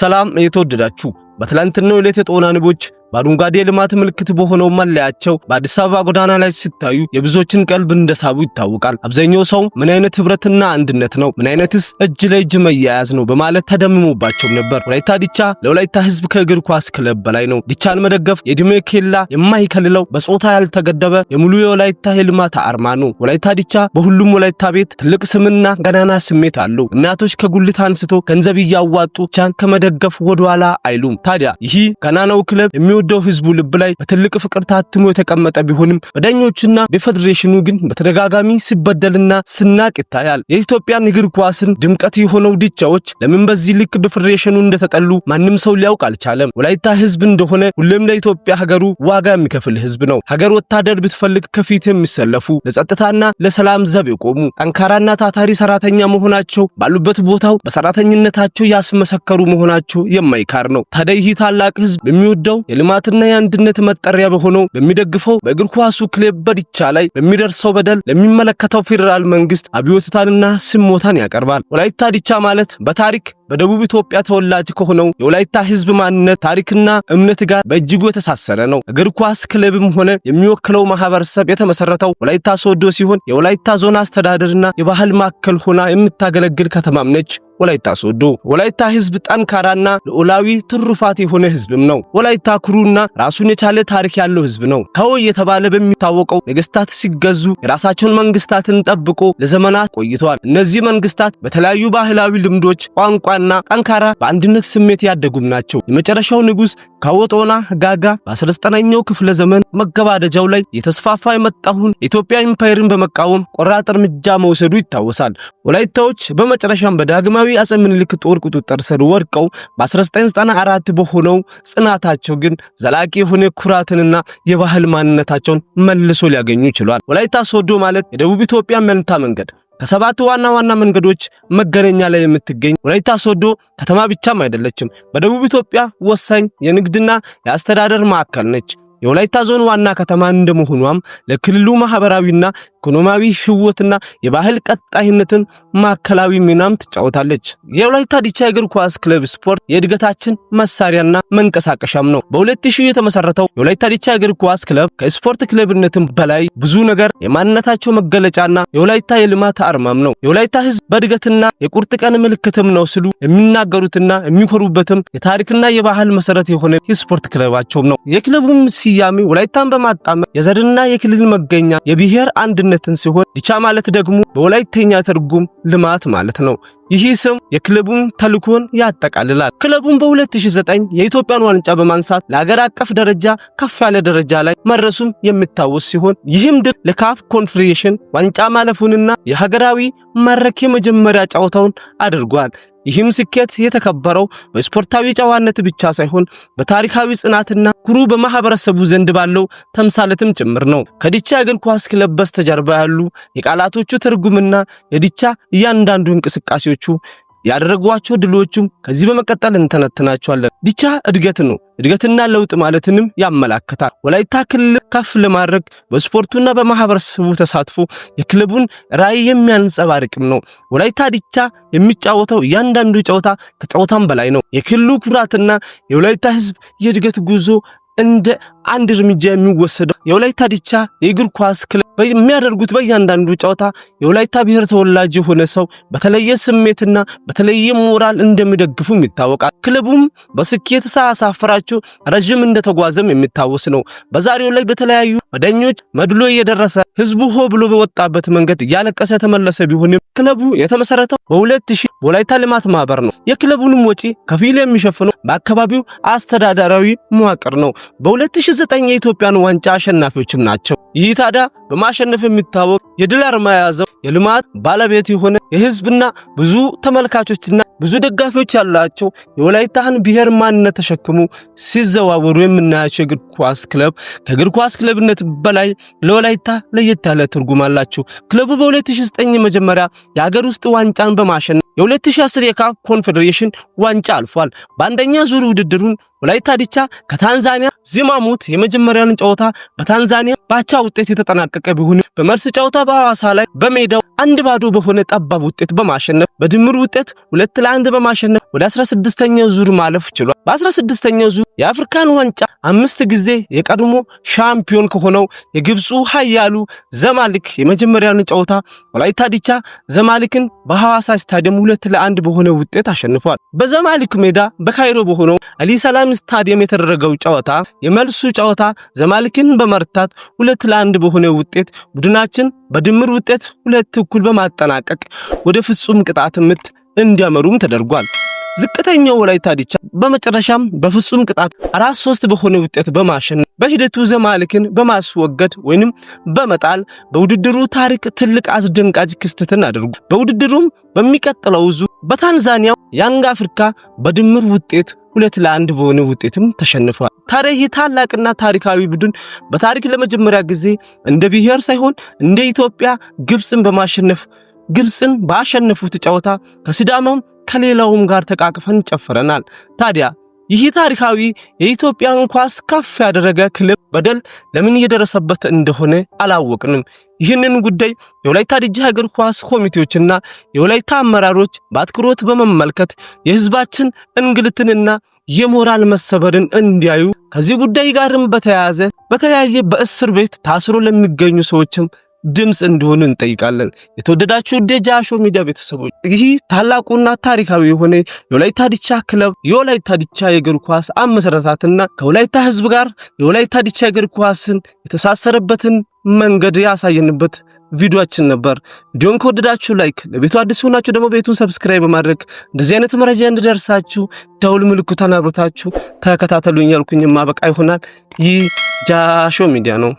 ሰላም የተወደዳችሁ በትላንትናው ዕለት የጦና ንቦች በአረንጓዴ የልማት ምልክት በሆነው መለያቸው በአዲስ አበባ ጎዳና ላይ ሲታዩ የብዙዎችን ቀልብ እንደሳቡ ይታወቃል። አብዛኛው ሰው ምን አይነት ህብረትና አንድነት ነው፣ ምን አይነትስ እጅ ለእጅ መያያዝ ነው በማለት ተደምሞባቸው ነበር። ወላይታ ዲቻ ለወላይታ ህዝብ ከእግር ኳስ ክለብ በላይ ነው። ዲቻን መደገፍ የእድሜ ኬላ የማይከልለው በጾታ ያልተገደበ የሙሉ የወላይታ የልማት አርማ ነው። ወላይታ ዲቻ በሁሉም ወላይታ ቤት ትልቅ ስምና ገናና ስሜት አለው። እናቶች ከጉልት አንስቶ ገንዘብ እያዋጡ ቻን ከመደገፍ ወደኋላ አይሉም። ታዲያ ይህ ገናናው ክለብ የሚወ በሚወደው ህዝቡ ልብ ላይ በትልቅ ፍቅር ታትሞ የተቀመጠ ቢሆንም በዳኞችና በፌዴሬሽኑ ግን በተደጋጋሚ ሲበደልና ስናቅ ይታያል። የኢትዮጵያን እግር ኳስን ድምቀት የሆነው ዲቻዎች ለምን በዚህ ልክ በፌዴሬሽኑ እንደተጠሉ ማንም ሰው ሊያውቅ አልቻለም። ወላይታ ህዝብ እንደሆነ ሁሌም ለኢትዮጵያ ሀገሩ ዋጋ የሚከፍል ህዝብ ነው። ሀገር ወታደር ብትፈልግ ከፊት የሚሰለፉ ለጸጥታና ለሰላም ዘብ የቆሙ ጠንካራና ታታሪ ሰራተኛ መሆናቸው ባሉበት ቦታው በሰራተኝነታቸው ያስመሰከሩ መሆናቸው የማይካር ነው። ታዲያ ይህ ታላቅ ህዝብ የሚወደው የልማትና የአንድነት መጠሪያ በሆነው በሚደግፈው በእግር ኳሱ ክለብ በዲቻ ላይ በሚደርሰው በደል ለሚመለከተው ፌዴራል መንግስት አብዮትታንና ስሞታን ያቀርባል። ወላይታ ዲቻ ማለት በታሪክ በደቡብ ኢትዮጵያ ተወላጅ ከሆነው የወላይታ ሕዝብ ማንነት ታሪክና እምነት ጋር በእጅጉ የተሳሰረ ነው። እግር ኳስ ክለብም ሆነ የሚወክለው ማህበረሰብ የተመሰረተው ወላይታ ሶዶ ሲሆን የወላይታ ዞን አስተዳደርና የባህል ማዕከል ሆና የምታገለግል ከተማም ነች። ወላይታ ሶዶ ወላይታ ሕዝብ ጠንካራና ልዑላዊ ትሩፋት የሆነ ህዝብም ነው። ወላይታ ኩሩና ራሱን የቻለ ታሪክ ያለው ህዝብ ነው። ከወ የተባለ በሚታወቀው ነገስታት ሲገዙ የራሳቸውን መንግስታትን ጠብቆ ለዘመናት ቆይተዋል። እነዚህ መንግስታት በተለያዩ ባህላዊ ልምዶች ቋንቋ እና ጠንካራ በአንድነት ስሜት ያደጉም ናቸው። የመጨረሻው ንጉስ ካወጦና ጋጋ በ19ኛው ክፍለ ዘመን መገባደጃው ላይ የተስፋፋ የመጣሁን ኢትዮጵያ ኢምፓየርን በመቃወም ቆራጥ እርምጃ መውሰዱ ይታወሳል። ወላይታዎች በመጨረሻም በዳግማዊ አጼ ምኒልክ ጦር ቁጥጥር ስር ወድቀው በ1994 በሆነው ጽናታቸው ግን ዘላቂ የሆነ ኩራትንና የባህል ማንነታቸውን መልሶ ሊያገኙ ችሏል። ወላይታ ሶዶ ማለት የደቡብ ኢትዮጵያ መንታ መንገድ ከሰባት ዋና ዋና መንገዶች መገናኛ ላይ የምትገኝ ወላይታ ሶዶ ከተማ ብቻም አይደለችም። በደቡብ ኢትዮጵያ ወሳኝ የንግድና የአስተዳደር ማዕከል ነች። የወላይታ ዞን ዋና ከተማ እንደመሆኗም ለክልሉ ማህበራዊና ኢኮኖሚያዊ ህይወትና የባህል ቀጣይነትን ማዕከላዊ ሚናም ትጫወታለች። የወላይታ ዲቻ እግር ኳስ ክለብ ስፖርት የእድገታችን መሳሪያና መንቀሳቀሻም ነው። በ2000 የተመሰረተው የወላይታ ዲቻ እግር ኳስ ክለብ ከስፖርት ክለብነትም በላይ ብዙ ነገር የማንነታቸው መገለጫና የወላይታ የልማት አርማም ነው። የወላይታ ህዝብ በእድገትና የቁርጥ ቀን ምልክትም ነው ስሉ የሚናገሩትና የሚኮሩበትም የታሪክና የባህል መሰረት የሆነ የስፖርት ክለባቸውም ነው። የክለቡም ሲ ስያሜ ወላይታን በማጣመር የዘርና የክልል መገኛ የብሔር አንድነትን ሲሆን ዲቻ ማለት ደግሞ በወላይተኛ ትርጉም ልማት ማለት ነው። ይህ ስም የክለቡን ተልኮን ያጠቃልላል። ክለቡን በ2009 የኢትዮጵያን ዋንጫ በማንሳት ለሀገር አቀፍ ደረጃ ከፍ ያለ ደረጃ ላይ መድረሱም የሚታወስ ሲሆን ይህም ድል ለካፍ ኮንፌዴሬሽን ዋንጫ ማለፉንና የሀገራዊ መድረክ የመጀመሪያ ጨዋታውን አድርጓል። ይህም ስኬት የተከበረው በስፖርታዊ ጨዋነት ብቻ ሳይሆን በታሪካዊ ጽናትና ኩሩ በማህበረሰቡ ዘንድ ባለው ተምሳለትም ጭምር ነው። ከዲቻ እግር ኳስ ክለብ በስተጀርባ ያሉ የቃላቶቹ ትርጉምና የዲቻ እያንዳንዱ እንቅስቃሴዎቹ ያደረጓቸው ድሎችም ከዚህ በመቀጠል እንተነተናቸዋለን። ዲቻ እድገት ነው። እድገትና ለውጥ ማለትንም ያመላክታል። ወላይታ ክልል ከፍ ለማድረግ በስፖርቱና በማህበረሰቡ ተሳትፎ የክለቡን ራዕይ የሚያንጸባርቅም ነው። ወላይታ ዲቻ የሚጫወተው እያንዳንዱ ጨዋታ ከጨዋታም በላይ ነው። የክልሉ ኩራትና የወላይታ ህዝብ የእድገት ጉዞ እንደ አንድ እርምጃ የሚወሰደው የወላይታ ዲቻ የእግር ኳስ ክለብ የሚያደርጉት በእያንዳንዱ ጨዋታ የወላይታ ብሔር ተወላጅ የሆነ ሰው በተለየ ስሜትና በተለየ ሞራል እንደሚደግፉም ይታወቃል። ክለቡም በስኬት ሳያሳፍራቸው ረዥም እንደተጓዘም የሚታወስ ነው። በዛሬው ላይ በተለያዩ መደኞች መድሎ እየደረሰ ህዝቡ ሆ ብሎ በወጣበት መንገድ እያለቀሰ የተመለሰ ቢሆንም ክለቡ የተመሰረተው በሁለት ሺህ ወላይታ ልማት ማህበር ነው። የክለቡንም ወጪ ከፊል የሚሸፍነው በአካባቢው አስተዳደራዊ መዋቅር ነው። በ2009 የኢትዮጵያን ዋንጫ አሸናፊዎችም ናቸው። ይህ ታዲያ በማሸነፍ የሚታወቅ የድል አርማ የያዘው የልማት ባለቤት የሆነ የህዝብና ብዙ ተመልካቾችና ብዙ ደጋፊዎች ያላቸው የወላይታህን ብሔር ማንነት ተሸክሙ ሲዘዋወሩ የምናያቸው የእግር ኳስ ክለብ ከእግር ኳስ ክለብነት በላይ ለወላይታ ለየት ያለ ትርጉም አላቸው። ክለቡ በ2009 መጀመሪያ የአገር ውስጥ ዋንጫን በማሸነፍ የ2010 የካፍ ኮንፌዴሬሽን ዋንጫ አልፏል። በአንደኛ ዙር ውድድሩን ወላይታ ዲቻ ከታንዛኒያ ዚማሙት የመጀመሪያውን ጨዋታ በታንዛኒያ ባቻ ውጤት የተጠናቀቀ ቢሆን በመልስ ጨዋታ በሐዋሳ ላይ በሜዳው አንድ ባዶ በሆነ ጠባብ ውጤት በማሸነፍ በድምር ውጤት ሁለት ለአንድ በማሸነፍ ወደ 16ኛው ዙር ማለፍ ችሏል። በ16ኛው ዙር የአፍሪካን ዋንጫ አምስት ጊዜ የቀድሞ ሻምፒዮን ከሆነው የግብፁ ኃያሉ ዘማልክ የመጀመሪያውን ጨዋታ ወላይታ ዲቻ ዘማልክን በሐዋሳ ስታዲየም ሁለት ለአንድ በሆነ ውጤት አሸንፏል። በዘማልክ ሜዳ በካይሮ በሆነው አሊ ሰላም ስታዲየም የተደረገው ጨዋታ የመልሱ ጨዋታ ዘማልክን በመርታት ሁለት ለአንድ በሆነ ውጤት ቡድናችን በድምር ውጤት ሁለት እኩል በማጠናቀቅ ወደ ፍጹም ቅጣት ምት እንዲያመሩም ተደርጓል። ዝቅተኛው ወላይታ ዲቻ በመጨረሻም በፍጹም ቅጣት አራት ሶስት በሆነ ውጤት በማሸነፍ በሂደቱ ዘማልክን በማስወገድ ወይንም በመጣል በውድድሩ ታሪክ ትልቅ አስደንጋጭ ክስተትን አድርጉ። በውድድሩም በሚቀጥለው ዙ በታንዛኒያው ያንግ አፍሪካ በድምር ውጤት ሁለት ለአንድ በሆነ ውጤትም ተሸንፏል። ታዲያ ይህ ታላቅና ታሪካዊ ቡድን በታሪክ ለመጀመሪያ ጊዜ እንደ ብሔር ሳይሆን እንደ ኢትዮጵያ ግብፅን በማሸነፍ ግብፅን ባሸነፉት ጨዋታ ከሲዳማም ከሌላውም ጋር ተቃቅፈን ጨፍረናል። ታዲያ ይህ ታሪካዊ የኢትዮጵያን ኳስ ከፍ ያደረገ ክለብ በደል ለምን እየደረሰበት እንደሆነ አላወቅንም። ይህንን ጉዳይ የወላይታ ዲቻ እግር ኳስ ኮሚቴዎችና የወላይታ አመራሮች በአትኩሮት በመመልከት የሕዝባችን እንግልትንና የሞራል መሰበርን እንዲያዩ ከዚህ ጉዳይ ጋርም በተያያዘ በተለያየ በእስር ቤት ታስሮ ለሚገኙ ሰዎችም ድምፅ እንዲሆን እንጠይቃለን። የተወደዳችሁ ደጃሾ ሚዲያ ቤተሰቦች ይህ ታላቁና ታሪካዊ የሆነ የወላይታ ዲቻ ክለብ የወላይታ ዲቻ የእግር ኳስ አመሰረታትና ከወላይታ ሕዝብ ጋር የወላይታ ዲቻ የእግር ኳስን የተሳሰረበትን መንገድ ያሳየንበት ቪዲዮችን ነበር። ቪዲዮን ከወደዳችሁ ላይክ፣ ለቤቱ አዲስ ሆናችሁ ደግሞ ቤቱን ሰብስክራይብ በማድረግ እንደዚህ አይነት መረጃ እንድደርሳችሁ ደውል ምልክቱን አብርታችሁ ተከታተሉኝ ያልኩኝ ማበቃ ይሆናል። ይህ ጃሾ ሚዲያ ነው።